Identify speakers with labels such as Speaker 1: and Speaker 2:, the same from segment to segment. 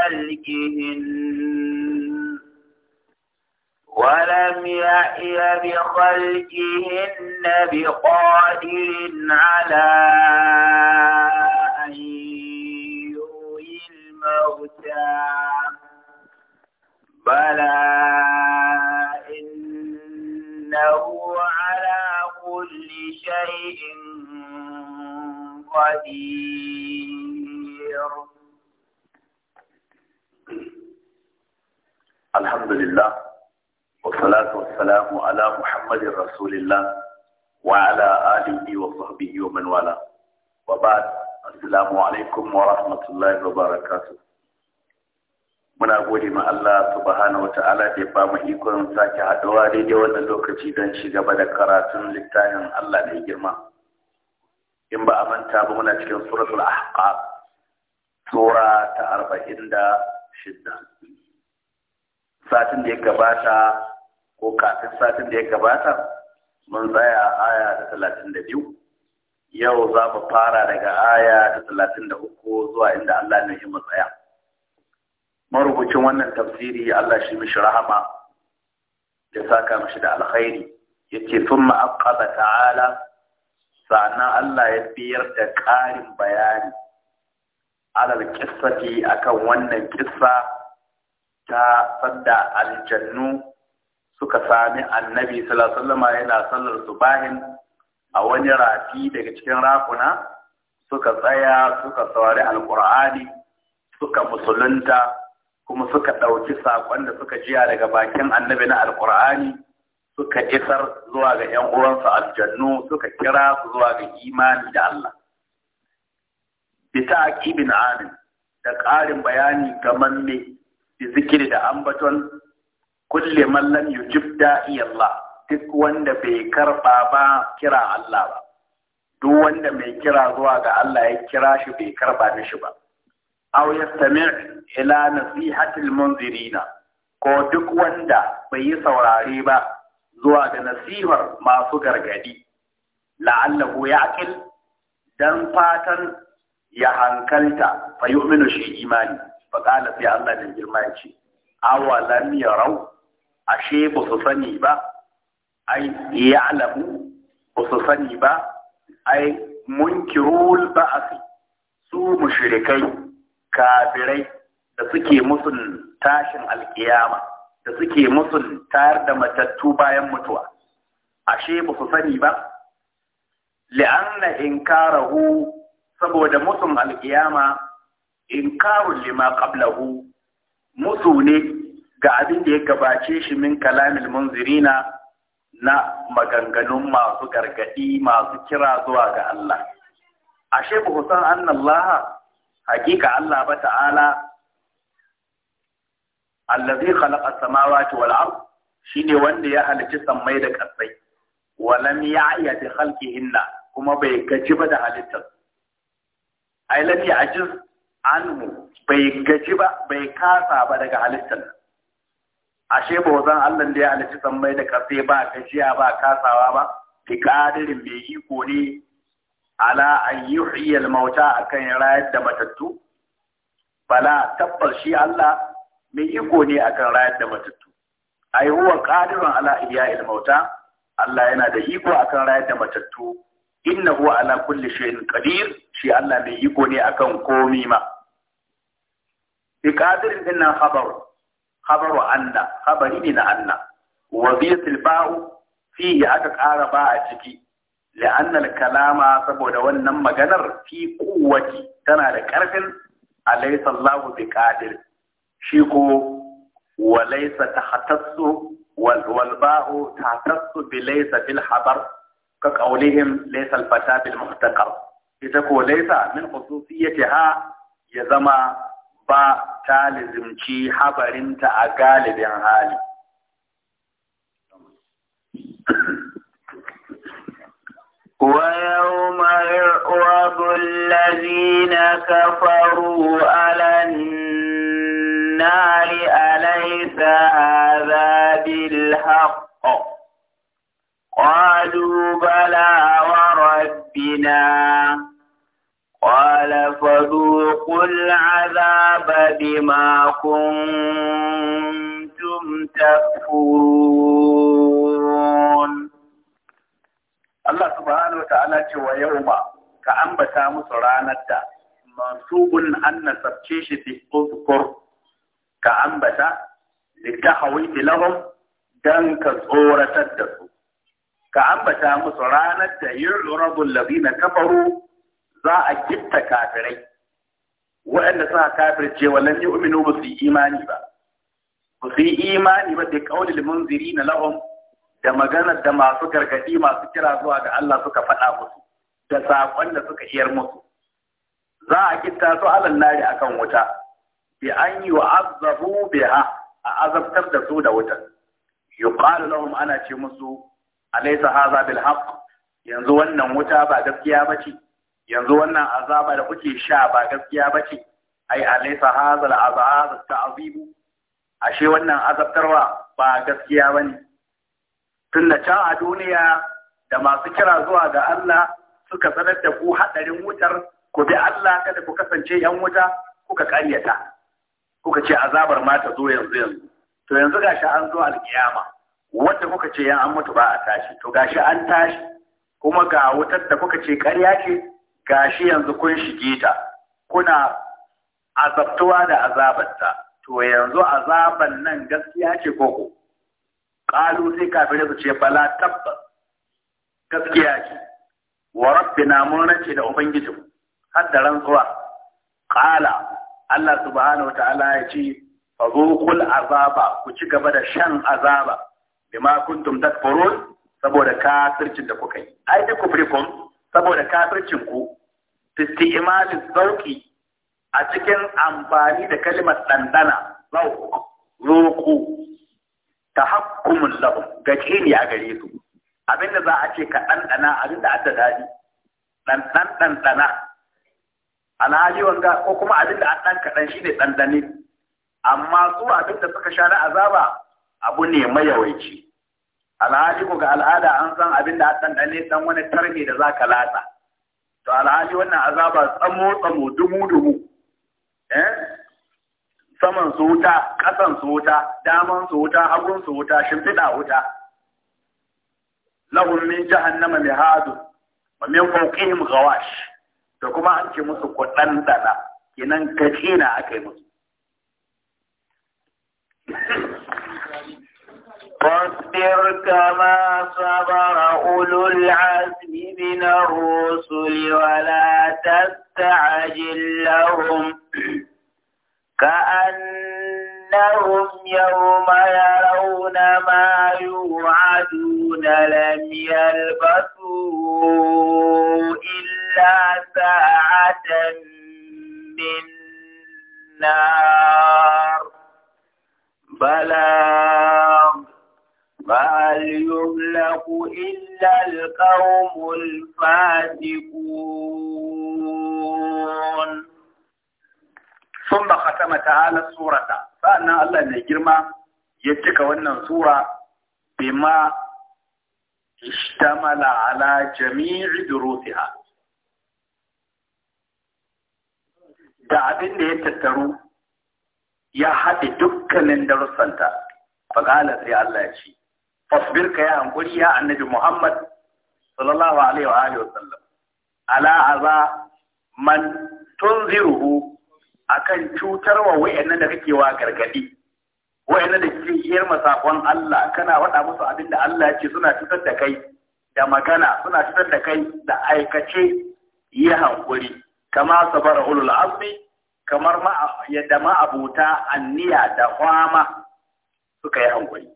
Speaker 1: خلقهن ولم يأي بخلقهن بقادر
Speaker 2: آله وصحبه ومن والاه وبعد السلام عليكم ورحمة الله وبركاته muna gode ma Allah subhanahu wata'ala da ya ba mu ikon sake haɗuwa daidai wannan lokaci don ci gaba da karatun littafin Allah mai girma in ba a manta ba muna cikin suratul ahqaf sura ta arba'in da shidda satin da ya gabata ko kafin satin da ya gabata mun tsaya aya ta talatin da biyu yau za mu fara daga aya ta talatin da uku zuwa inda Allah ne mu tsaya marubucin wannan tafsiri Allah shi mishi rahama ya saka mishi da alkhairi yace sun aqaba ta'ala sannan Allah ya biyar da ƙarin bayani alal kissati akan wannan kissa ta fadda aljannu suka sami annabi sallallahu yana sallar bahin a wani rafi daga cikin rafuna suka tsaya suka saurari alkur'ani suka musulunta kuma suka ɗauki saƙon da suka jiya daga bakin annabi na alkur'ani suka isar zuwa ga ‘yan uwansu aljannu suka kira su zuwa ga imani da Allah. Bita akibin amin da ƙarin bayani kamar manne da zikiri da ambaton kulle mallam yujib da'i Allah duk wanda bai karba ba kira Allah ba duk wanda mai kira zuwa ga Allah ya kira shi bai karba mishi ba aw yastami' ila nasihatil munzirina ko duk wanda bai yi saurare ba zuwa ga nasihar masu gargadi la'allahu ya'qil dan fatan ya hankalta fa yu'minu shi imani fa qala sai Allah da girma ya ce awalam yarau ashe ba su sani ba ai ya alamu ba su sani ba ai munkirul fi su mushrikai kafirai da suke musun tashin alkiyama da suke musun tayar da matattu bayan mutuwa ashe ba su sani ba li'anna inkarahu saboda musun alkiyama inkarun lima qablahu musu ne ga abin da ya gabace shi min kalamil munzirina na maganganun masu gargadi masu kira zuwa ga Allah ashe ba ku san annallaha hakika Allah ba ta'ala allazi khalaqa samawati wal ard shine wanda ya halici sammai da ƙasai wa lam ya'ya bi khalqihinna kuma bai gaji ba da halittar ai a ya'jiz anhu bai gaji ba bai kasa ba daga halittar ashe ba zan Allah da ya halicci sammai da ƙasa ba gajiya ba kasawa ba fi ƙadirin mai iko ne ala an yi hiyar mauta akan rayar da matattu bala tabbar shi Allah mai iko ne akan rayar da matattu yi huwa ƙadirin ala ihya al-mauta Allah yana da iko akan rayar da matattu huwa ala kulli shay'in qadir shi Allah mai iko ne akan komi ma bi qadirin dinnan khabaru anna khabari ne na anna wa biyatil ba'u fihi aka ƙara ba a ciki la'annal kalama saboda wannan maganar fi kuwaci tana da ƙarfin alaysa Allahu bi qadir shi ko wa laysa tahtassu wal wal ba'u tahtassu bil habar ka ita ko min khususiyatiha ya zama ba ta lizimci habarinta a galibin hali. ويوم
Speaker 1: يعرض الذين كفروا على النار أليس هذا بالحق قالوا بلى وربنا قال فذوقوا العذاب بما كنتم
Speaker 2: تكفرون الله سبحانه وتعالى ويوم كأنبت مسرانة منصوب أن سبتشيش في أذكر كأنبت للتحويت لهم دنك صورة الدسو كأنبت مسرانة يعرض الذين كفروا za a gitta kafirai waɗanda suka kafirce wallan yu'minu ba su yi imani ba ba su yi imani ba da kaulil munziri na lahum da maganar da masu gargadi masu kira zuwa ga Allah suka faɗa musu da saƙon da suka iyar musu za a gitta su Alan nari akan wuta bi an yu'azzabu biha a azabtar da su da wutar yuqalu lahum ana ce musu alaysa hadha bil haqq yanzu wannan wuta ba gaskiya bace yanzu wannan azaba da kuke sha ba gaskiya ba ce ai alaysa hazal ta azibu, ashe wannan azabtarwa ba gaskiya ba ne. Tun tunda can a duniya da masu kira zuwa ga Allah suka sanar da ku haɗarin wutar ku bi Allah kada ku kasance yan wuta kuka karyata kuka ce azabar ma ta zo yanzu yanzu to yanzu gashi an zo alƙiyama, wanda kuka ce yan an mutu ba a tashi to gashi an tashi kuma ga wutar da kuka ce karya ce gashi yanzu kun shige ta kuna azabtuwa da azabarta to yanzu azaban nan gaskiya ce koko qalu sai kafire su ce bala tabbas gaskiya ce wa rabbina mun race da ubangiji har da rantsuwa qala Allah subhanahu wa ta'ala ya ce fazuqul azaba ku ci gaba da shan azaba bima kuntum takfurun saboda kafircin da kuka yi ai duk kufrikum saboda kafircin ku istimali zauki a cikin amfani da kalmar dandana zauq ta haƙƙumin lahum gace ne a gare su abinda za a ce ka dandana abinda adda dadi dan dan dandana alhali wanga ko kuma abinda a dan kadan ne dandane amma su abinda suka sha na azaba abu ne mayawaici alhali ko ga al'ada an san abinda a dandane dan wani tarbi da za ka latsa to alhali wannan azaba tsamo tsamo dubu-dubu, eh saman su wuta kasan su wuta daman su wuta hagun su wuta shimfiɗa wuta lahum min jahannama mihadu wa min fawqihim ghawash to kuma an ce musu ku dana kenan kacina akai musu
Speaker 1: واصبر كما صبر أولو العزم من الرسل ولا تستعجل لهم كأنهم يوم يرون ما يوعدون لم يلبثوا إلا ساعة من نار بلاغ فهل يهلك إلا القوم
Speaker 2: الفاسقون ثم ختم تعالى السورة فأنا الله نجرما يتك وانا سورة بما اشتمل على جميع دروسها da abin da ya tattaru ya haɗe dukkanin darussanta, fagala sai Allah ya ce, fasbir ka ya hankuri ya annabi Muhammad sallallahu alaihi wa alihi wasallam ala aza man tunziruhu akan wa wayannan da kake wa gargadi wayannan da kike iyar masakon Allah kana wada musu abin da Allah ya ce suna cutar da kai da magana suna cutar da kai da aikace ya hankuri kama sabara ulul azmi kamar ma yadda ma abuta anniya da kwama suka yi hankuri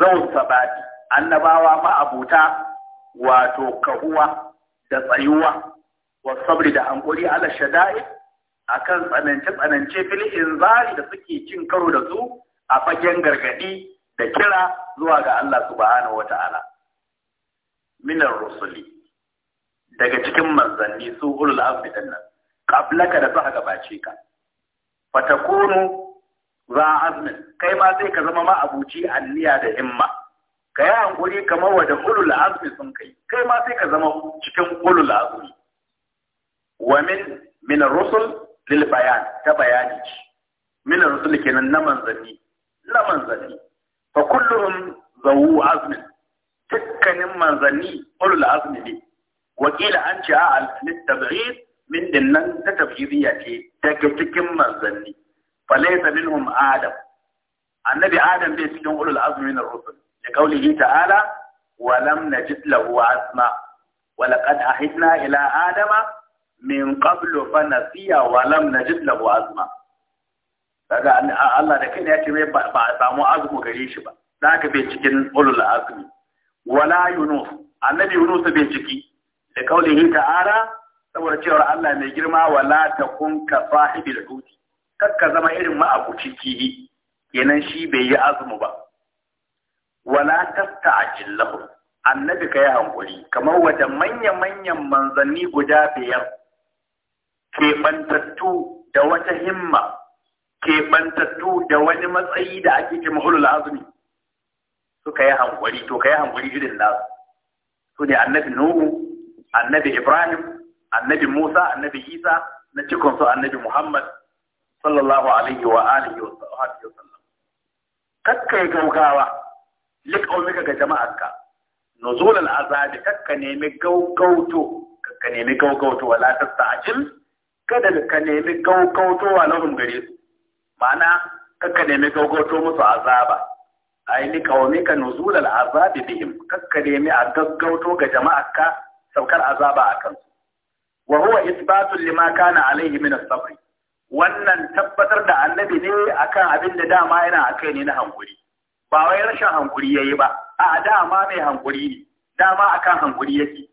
Speaker 2: zaun sabati annabawa ma'abuta wato kahuwa da tsayuwa wa sabri da hankuri ala shada'i akan tsanance tsanance fil inzari da suke cin karo da su a fagen gargadi da kira zuwa ga Allah subhanahu wata'ala minar rusuli daga cikin manzanni su ulul azmi dinnan qablaka da zaka gabace ka fatakunu za a azumin kai ma sai ka zama ma abuci anniya da himma ka yi hankuri kamar wa da ulul azumi sun kai kai ma sai ka zama cikin ulul azumi wa min min rusul lil bayan ta bayani ci min rusul kenan na manzanni na manzanni fa kulluhum zawu azmi dukkanin manzanni ulul azmi ne wakila an ci a al-tabi'id min dinnan ta tabi'idiyya ce daga cikin manzanni falaysa minhum adam annabi adam bai cikin ulul azmi na rusul da kaulihi ta'ala wa lam najid lahu asma wa laqad ahidna ila adama min qablu fa nasiya wa asma Allah da kai ya ce mai ba a samu azmu gare shi ba ka bai cikin ulul azumi. wala yunus annabi yunus bai ciki da kaulihi ta'ala saboda cewar Allah mai girma wala takun ka sahibil huti kakka zama irin ma'abuci kihi kenan shi bai yi azumi ba wala tasta'jil lahu annabi kai hankuri kamar wata manya manyan manzanni guda biyar keɓantattu da wata himma keɓantattu da wani matsayi da ake ce mahulul azumi suka yi hankuri to kai hankuri irin na. su ne annabi nuhu annabi ibrahim annabi musa annabi isa na cikin su annabi muhammad صلى الله عليه وآله وصحبه وسلم كك يجوكاوا لك أو لك نزول العذاب كك نيم جو جوتو كك نيم جو جوتو ولا تستعجل كذا كك نيم جو جوتو ولا هم قريب معنا كك نيم جو جوتو مس عذاب أي لك أو نزول العذاب بهم كك نيم عذاب جوتو كجماعة سوكر عذاب أكن وهو إثبات لما كان عليه من الصبر wannan tabbatar da annabi ne akan abin da dama yana a kai ne na hankuri ba wai rashin hankuri yayi ba a dama mai hankuri ne dama akan hankuri yake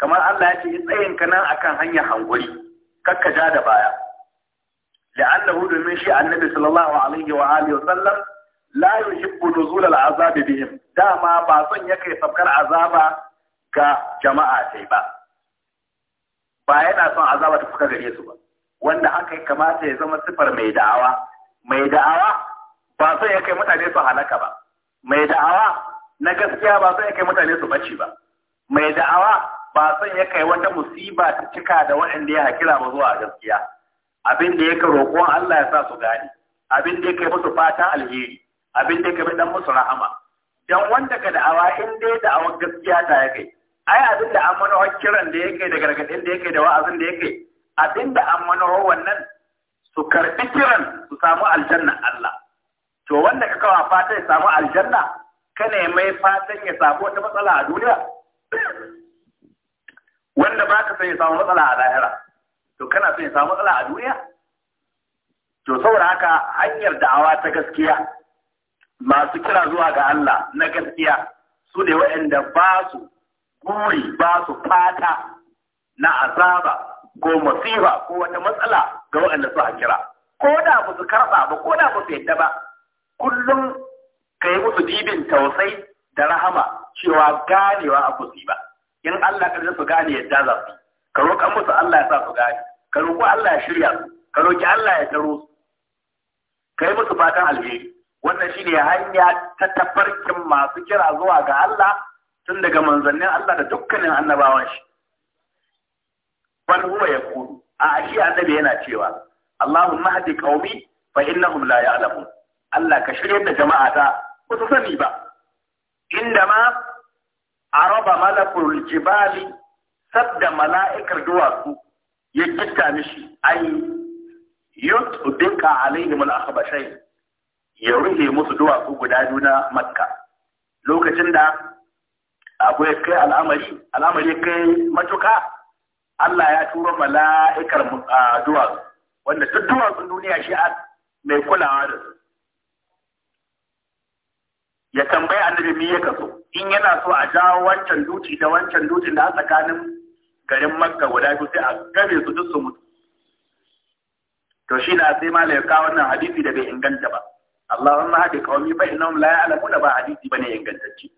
Speaker 2: kamar Allah ya ce in tsayin ka nan akan hanyar hankuri kakka ja da baya la'annahu domin shi annabi sallallahu alaihi wa alihi wa sallam la yuhibbu nuzul al'azab bihim dama ba son yake sabkar azaba ga jama'a sai ba ba yana son azaba ta fuka gare su ba wanda haka ya kamata ya zama sifar mai da'awa mai da'awa ba so ya kai mutane su halaka ba mai da'awa na gaskiya ba so ya kai mutane su bace ba mai da'awa ba son ya kai wata musiba ta cika da waɗanda ya kira ba zuwa gaskiya abin da yake roƙo Allah ya sa su gane abin da yake musu fatan alheri abin da yake dan musu rahama dan wanda ka da'awa in dai da'awa gaskiya ta ya kai ai abin da an mana kiran da yake da gargadin da yake da wa'azin da yake abinda an manufar wannan su karɓi kiran su samu aljanna Allah to wanda ka kawa fatan ya samu aljanna ka ne mai fatan ya samu wata matsala a duniya wanda ba ka son ya samu matsala a lahira to kana son ya samu matsala a duniya to saboda haka hanyar da'awa ta gaskiya masu kira zuwa ga Allah na gaskiya su ne waɗanda ba su guri ba su fata na azaba ko masifa ko wata matsala ga waɗanda suka kira ko da ba su karɓa ba ko da ba su yadda ba kullum ka yi musu dibin tausai da rahama cewa ganewa a kusi ba in Allah ka su gane yadda za su ka roƙa musu Allah ya sa su gane ka roƙi Allah ya shirya su ka roƙi Allah ya taro su ka yi musu fatan alheri wannan shine hanya ta tafarkin masu kira zuwa ga Allah tun daga manzannin Allah da dukkanin annabawan shi bal huwa yaqulu a shi annabi yana cewa Allahumma hadi qaumi fa innahum la ya'lamun Allah ka shirye da jama'a ta ba su sani ba inda ma araba malakul jibali sabda mala'ikar duwatsu ya kitta mishi ai yutbika alaihim al-akhbashayn ya rufe musu duwatsu guda biyu na makka lokacin da abu ya kai al'amari al'amari ya kai matuka Allah ya tura mala'ikar duwatsu wanda duk duwatsun duniya shi a mai kulawa da su ya tambayi annabi mi ya kaso in yana so a jawo wancan duci da wancan duci da tsakanin garin makka guda biyu sai a gabe su duk su mutu to shi na sai ya kawo wannan hadisi da bai inganta ba Allah Allahumma hadi qaumi wani innahum la da ba hadisi ba ne, ingantacce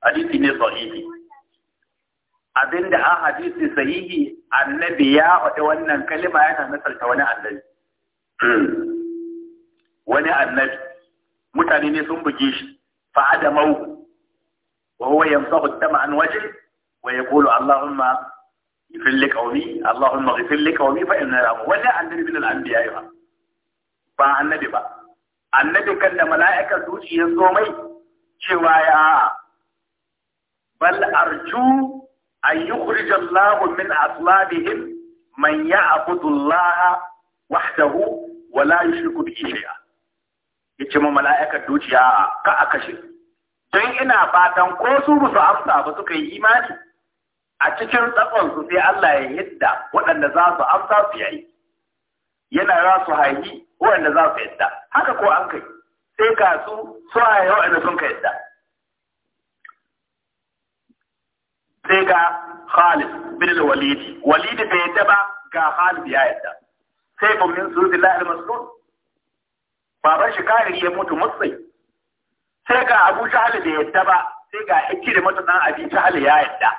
Speaker 2: hadisi ne sahihi Abin abinda a hadisi sahihi annabi ya faɗi wannan kalima yana nasarta wani annabi wani annabi mutane ne sun buge shi fa adamau wa huwa yamsahu dama an waje wa ya yaqulu allahumma ighfir li allahumma ighfir li qaumi fa inna lahum wani annabi min al anbiya ba ba annabi ba annabi kan da mala'ikar zuciyar zo mai cewa ya bal arju أن يخرج الله من aslabihim man يعبد الله وحده ولا يشرك به شيئا yace mu mala'ikar dukiya ka a kashe don ina fatan ko su rusu amsa ba suka yi imani a cikin tsakon su sai Allah ya yadda waɗanda za su amsa su yayi yana za su haihi waɗanda za su yadda haka ko an kai sai ka su su haihi waɗanda sun ka yadda sai ga Khalid bin al-Walid Walid bai yadda ba ga Khalid ya yadda sai ibn min Zubillah al-Mas'ud baban shi kare ya mutu mutsai sai ga Abu Jahl bai yadda ba sai ga mutu dan Abi Jahl ya yadda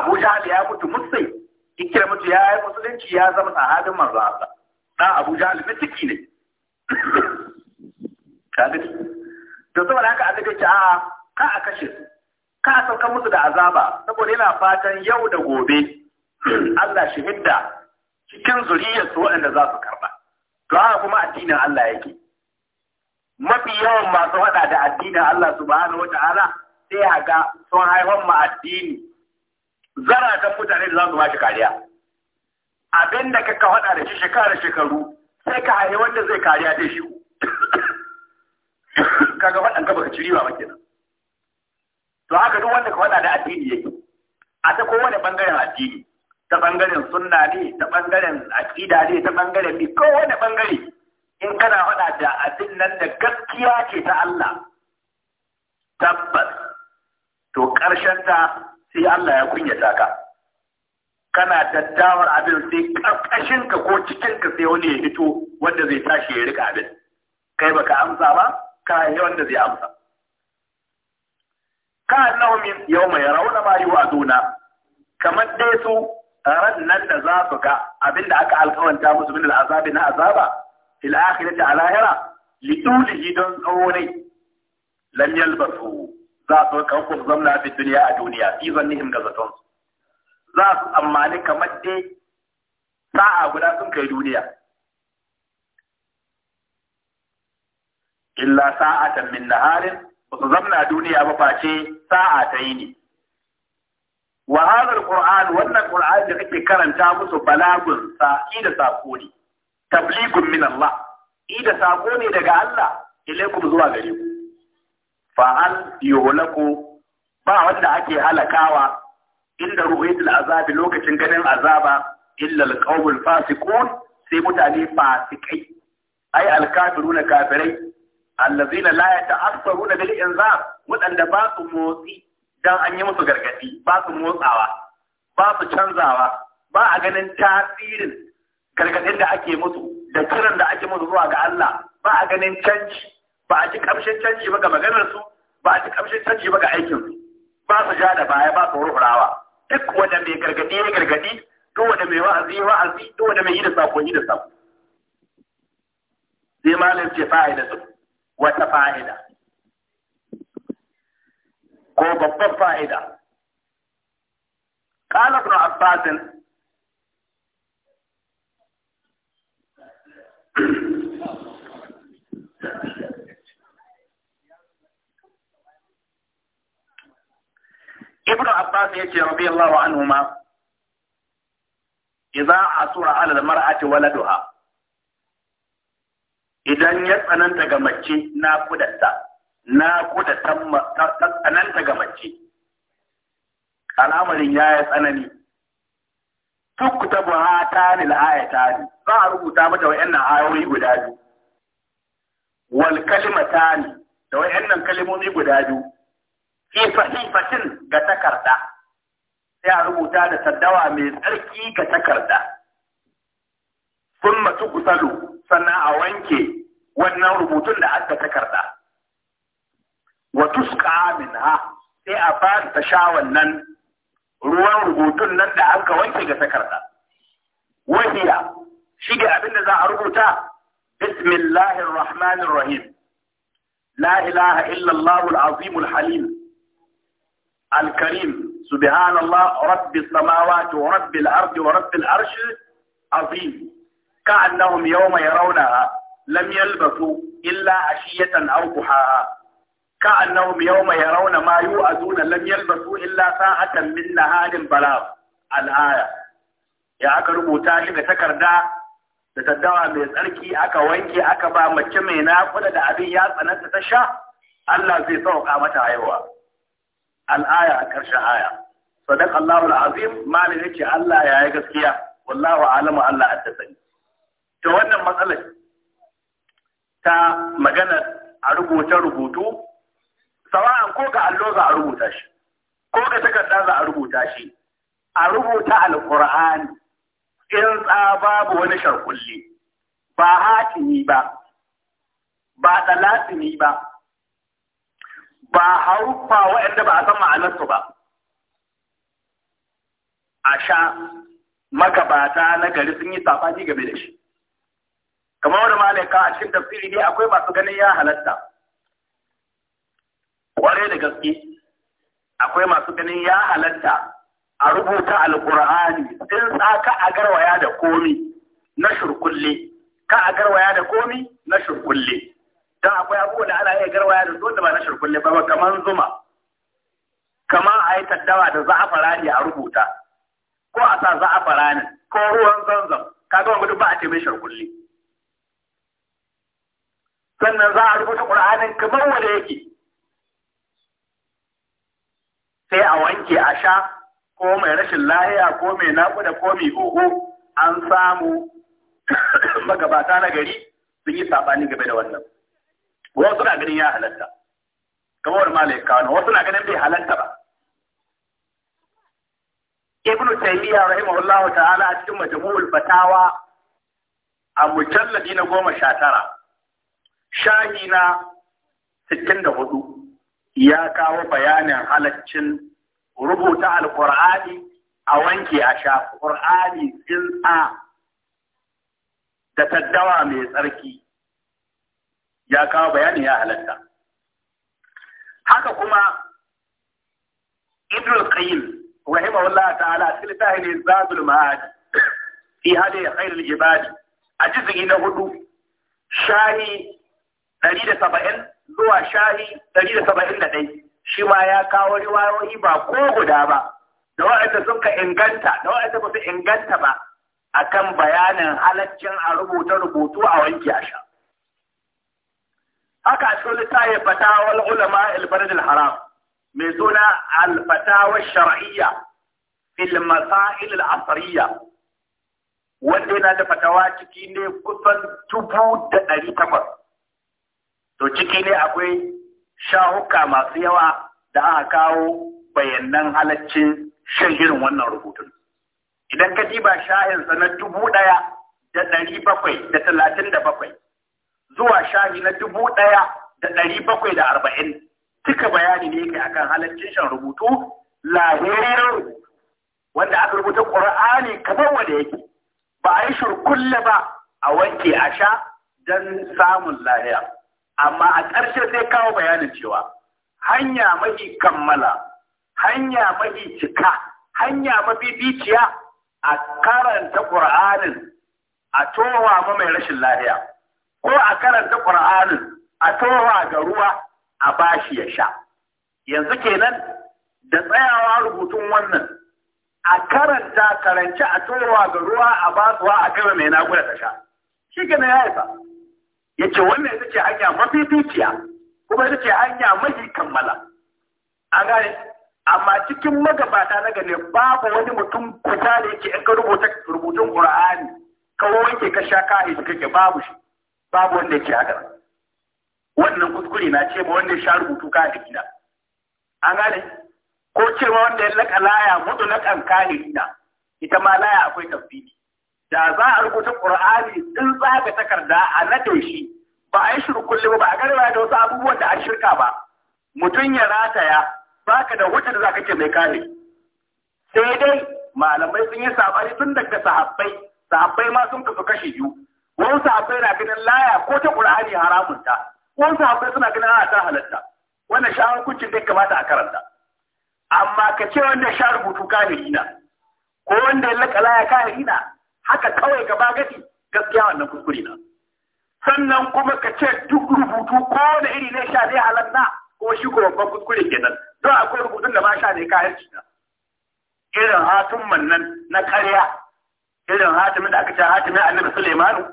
Speaker 2: Abu Jahl ya mutu mutsai mutu ya yi musulunci ya zama sahabin manzo Allah dan Abu Jahl mutiki ne kaga to saboda haka aka ce a ka a kashe su ka a saukan musu da azaba saboda yana fatan yau da gobe Allah shi hidda cikin zuriyarsu waɗanda za su karɓa to haka kuma addinin Allah yake mafi yawan masu haɗa da addinin Allah subhanahu wata'ala sai a ga sun haifar ma addini zaratan mutane da za su bashi kariya abin da ka haɗa da shi shekara shekaru sai ka haifi wanda zai kariya da shi kaga waɗanda baka ci riba ba kenan to haka duk wanda ka faɗa da addini yake a ta kowane bangaren addini ta bangaren sunna ne ta bangaren aqida ne ta bangaren bi kowane bangare in kana faɗa da abin nan da gaskiya ce ta Allah tabbas to ƙarshen ta sai Allah ya kunyata ka kana daddawar abin sai ƙarƙashin ka ko cikin ka sai wani ya fito wanda zai tashi ya riƙa abin kai baka amsa ba ka yi wanda zai amsa ka annahum yawma yarawna ma yu'aduna kamar dai su ran nan da za su ga abinda aka alkawanta musu min al'azabi na azaba fil akhirati a lahira li tulihi don tsawonai ne lam yalbasu za su kan ku zamna fi duniya a duniya fi zannihim ga zaton za su tsammani kamar dai sa'a guda sun kai duniya illa sa'atan min naharin su zamna duniya ba face sa'a ta yi ne Wahalar hadha wannan qur'an da kake karanta musu balagun sa'i da sako ne tablighun min Allah da sako ne daga Allah ilaikum zuwa gare ku fa'al yuhlaku ba wanda ake halakawa inda ru'yatul azabi lokacin ganin azaba illal alqawmul fasiqun sai mutane fasikai ai alkafiruna kafirai allazina la yata'assaruna bil inzar wadanda ba su motsi dan an yi musu gargadi ba su motsawa ba su canzawa ba a ganin tasirin gargadin da ake musu da kiran da ake musu zuwa ga Allah ba a ganin canji ba a ji kamshin canji ba ga maganar su ba a ji kamshin canji ba ga aikin su ba su ja da baya ba su rufrawa duk wanda mai gargadi ya gargadi duk wanda mai wa'azi wa'azi duk wanda mai yi da sako yi da sako sai malam ce fa'ida su wata fa'ida ko babbar قال ابن عباس ابن عباس يجي رضي الله عنهما إذا عصر على المرأة ولدها idan ya tsananta ga mace na kudanta na kudanta tsananta ga mace al'amarin ya yi tsanani ta buha ta la’aya ta ne za a rubuta mata 'yan ayoyi guda biyu wal kalima ta ne da wa nan kalimomi guda biyu ifa fahifatin ga takarda sai a rubuta da saddawa mai tsarki ga takarda sun matu kusalu sannan a wanke wannan rubutun da aka takarda wa tusqa minha sai a ba ta sha wannan ruwan rubutun nan da aka wanke ga takarda wahiya shi ga abin da za a rubuta bismillahir rahmanir rahim la ilaha illa allah al-azim al-halim al-karim سبحان الله رب السماوات ورب الأرض ورب العرش عظيم كأنهم يوم يرونها lam yalbasu illa ashiyatan aw duhaha ka annahum yawma yarawna ma yu'azuna lam basu illa sa sa'atan min naharin bala al-aya ya aka rubuta shi ga takarda da taddawa mai tsarki aka wanke aka ba mace mai naƙuda da abin ya tsananta ta sha Allah zai sauka mata haihuwa al-aya a ƙarshen aya sadaq Allahu al-azim malin yace Allah ya yi gaskiya wallahu a'lamu Allah addasani to wannan matsalar ta magana a rubuta rubutu sawa'an ko ga allo za a rubuta shi ko ga takarda za a rubuta shi a rubuta Alkur'ani, in tsaba babu wani sharkulle ba hatimi ba ba ɗalatini ba ba haruffa wa'anda ba a san ma'anarsu ba a sha magabata na gari sun yi saɓani game da shi kamar wani malaka a cikin tafsiri ne akwai masu ganin ya halatta Kware da gaske akwai masu ganin ya halatta a rubuta alkur'ani sa ka a garwaya da komi na shirkulle ka a garwaya da komi na shirkulle don akwai abubuwa da ana iya garwaya da zuwa da ba na shirkulle ba ba kamar zuma kamar a yi taddawa da za a rubuta ko a sa ne ko ruwan zanzan kaga wani ba a ce mai shirkulle sannan za a rubuta ƙur'anin kamar wanda yake sai a wanke a sha ko mai rashin lahiya ko mai naƙuda ko mai gogo an samu magabata na gari sun yi saɓani game da wannan wasu na ganin ya halatta kamar malai kano wasu na ganin bai halatta ba ibnu taymiya rahimahullahu ta'ala a cikin majmu'ul fatawa a mujalladi na goma sha tara shahi na 64 ya kawo bayanin halaccin rubuta alƙur'ani a wanke a sha ƙur'ani tsinsa da taddawa mai tsarki ya kawo bayanin ya halatta haka kuma ibn qayyim allah ta'ala cikin tahiri zadul ma'ad fi hadi khairul ibad a jizgi na hudu shahi Dari da saba'in zuwa shahi dari da saba'in da ɗai shi ma ya kawo riwayoyi ba ko guda ba da waɗanda suka inganta da waɗanda ba su inganta ba akan bayanin halaccin a rubuta rubutu a wanke a sha haka a cikin littafin fatawar ulama albarid haram mai suna alfatawar shar'iyya fil masail al wanda yana da fatawa ciki ne kusan dubu da ɗari takwas to ciki ne akwai shahuka masu yawa da aka kawo bayanan halaccin shan irin wannan rubutun idan ka diba shahinsa na dubu ɗaya da ɗari bakwai da talatin da bakwai zuwa shahi na dubu ɗaya da ɗari bakwai da arba'in kika bayani ne kai akan halaccin shan rubutu lahirin wanda aka rubuta ƙur'ani kamar wanda yake ba a yi shirkulle ba a wanke a sha don samun lahiya amma a ƙarshe sai kawo bayanin cewa hanya mafi kammala hanya mafi cika hanya mafi biciya a karanta ƙur'anin a towa ma mai rashin lafiya ko a karanta ƙur'anin a towa ga ruwa a bashi ya sha yanzu kenan da tsayawa rubutun wannan a karanta karanci a towa ga ruwa a basuwa a kai mai naguda ta sha shi ya isa yace wannan ita ce hanya mafificiya kuma ita ce hanya mafi kammala a gane amma cikin magabata na gane babu wani mutum kusa da yake in ka rubuta rubutun qur'ani kawo wanke ka sha kai da kake babu shi babu wanda yake haka wannan kuskure na ce ma wanda ya sha rubutu ka da gida a gane ko cewa wanda ya laka laya mutu na kane gida ita ma laya akwai tafsiri da za a rubuta Qur'ani in zaga takarda a nade shi ba a yi shirkulle ba a garba da wasu abubuwan da a shirka ba mutum ya rataya baka da hujjar da ka ce mai kare sai dai malamai sun yi sabari tun daga sahabbai sahabbai ma sun kasu kashi biyu wani sahabbai na ganin laya ko ta Qur'ani haramunta, ta wani sahabbai suna ganin ana ta halatta wannan sha hukuncin da kamata a karanta amma ka ce wanda sha rubutu kafirina ko wanda ya laya ya kafirina haka kawai gaba gadi gaskiya wannan kuskure na sannan kuma ka ce duk rubutu ko da iri ne sha zai halanna ko shi ko babban kuskure kenan don akwai rubutun da ba sha ne kayan na irin hatun nan na karya irin hatimin da aka ce hatimin annabi Sulaimanu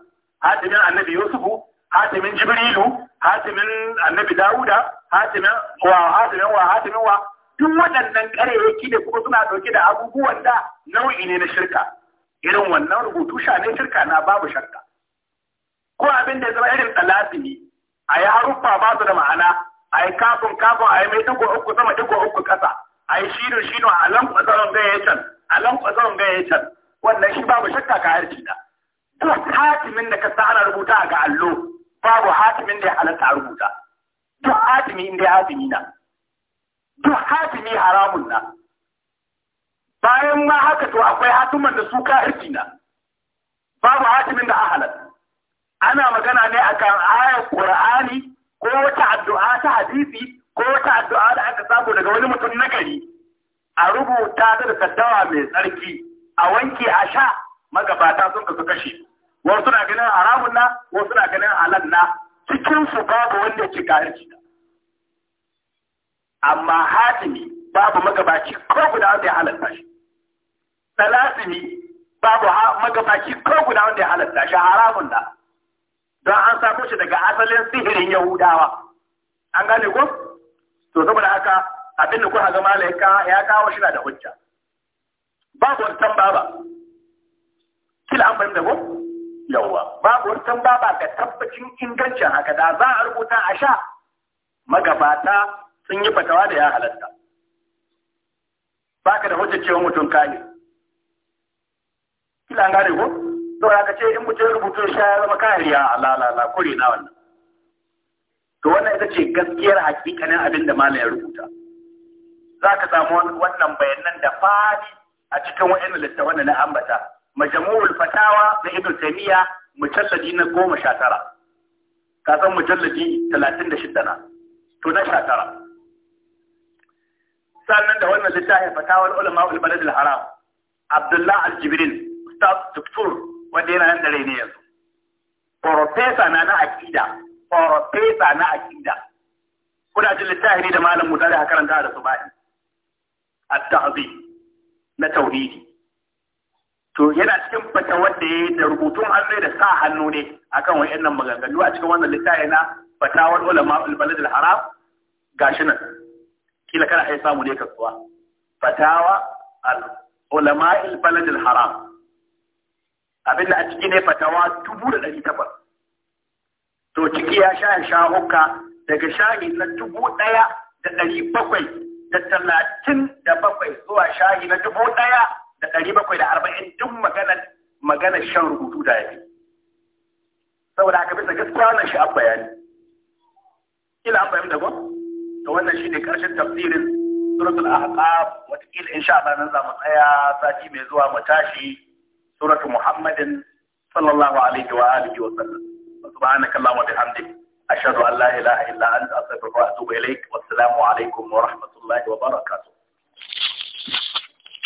Speaker 2: hatimin annabi Yusufu hatimin Jibrilu hatimin annabi Dawuda hatimin wa hatimin wa hatimin wa duk waɗannan ƙarewaki da kuma suna ɗauke da abubuwan da nau'i ne na shirka irin wannan rubutu sha ne shirka na babu shakka ko abin da ya zama irin talafi ne a yi haruffa ba su da ma'ana a yi kafin kafin a yi mai digo uku sama digo uku ƙasa a yi shino shino a lankwasaron gaya can a lankwasaron gaya can wannan shi babu shakka ka harci da ko hatimin da ka sa ana rubuta ga allo babu hatimin da ya halatta a rubuta duk hatimi inda ya hatimi na duk hatimi haramun na bayan ma haka to akwai hatiman da su kafirci na babu hatimin da ahalat ana magana ne akan ayar qur'ani ko wata addu'a ta hadisi ko wata addu'a da aka samu daga wani mutum na gari a rubuta da saddawa mai tsarki a wanke a sha magabata sun kasu kashe wasu na ganin haramun na wasu na ganin halal na cikin su babu wanda ya ci kafirci amma hatimi babu magabaci ko guda wanda ya halatta shi talasimi babu magabaci ko guda wanda ya halatta shi haramun da don an samu shi daga asalin sihirin yahudawa an gane ko to saboda haka abin da kuka ga malaika ya kawo shi da hujja babu wancan tambaba kila an bayyana ko yawa babu wancan tambaba ga tabbacin ingancin haka da za a rubuta a sha magabata sun yi fatawa da ya halatta baka da hujja cewa mutum kane kila an gane ko to ya kace in mutum rubutu sha ya zama kariya la la la kure na wannan to wannan ita ce gaskiyar hakikanin abin da malam ya rubuta za ka samu wannan bayanan da fadi a cikin wa'annan littafan da na ambata majmu'ul fatawa na ibn taymiya mujalladi na goma sha tara ka san mujalladi talatin da shidda na to na sha tara sannan da wannan littafin fatawar ulama ul balad al haram abdullah al jibril ustaz doktor wanda yana nan da rai ne yanzu profesa na na akida profesa na akida kuna jin littafi da malam mutare a karanta da su baɗi at-tahzi na tauhidi to yana cikin fata wanda ya da rubutun hannu da sa hannu ne akan wayannan maganganu a cikin wannan littafi na fatawar ulama al-balad al-haram gashi nan kila kana ai samu ne kasuwa fatawa al ulama al-balad al-haram abinda a ciki ne fatawa dubu da ɗari takwas to ciki ya sha ya sha hukka daga shahi na dubu ɗaya da ɗari bakwai da talatin da bakwai zuwa shahi na dubu ɗaya da ɗari bakwai da arba'in duk maganar maganar shan rubutu da yabi saboda haka bisa gaskiya wannan shi an bayani kila an da gwam to wannan shi ne ƙarshen tafsirin suratul ahqaf wata kila insha Allah nan za mu tsaya sati mai zuwa mu tashi سورة محمد
Speaker 1: صلى الله عليه وآله
Speaker 2: وسلم سبحانك اللهم وبحمدك أشهد أن لا إله إلا أنت أستغفرك وأتوب إليك والسلام عليكم ورحمة الله وبركاته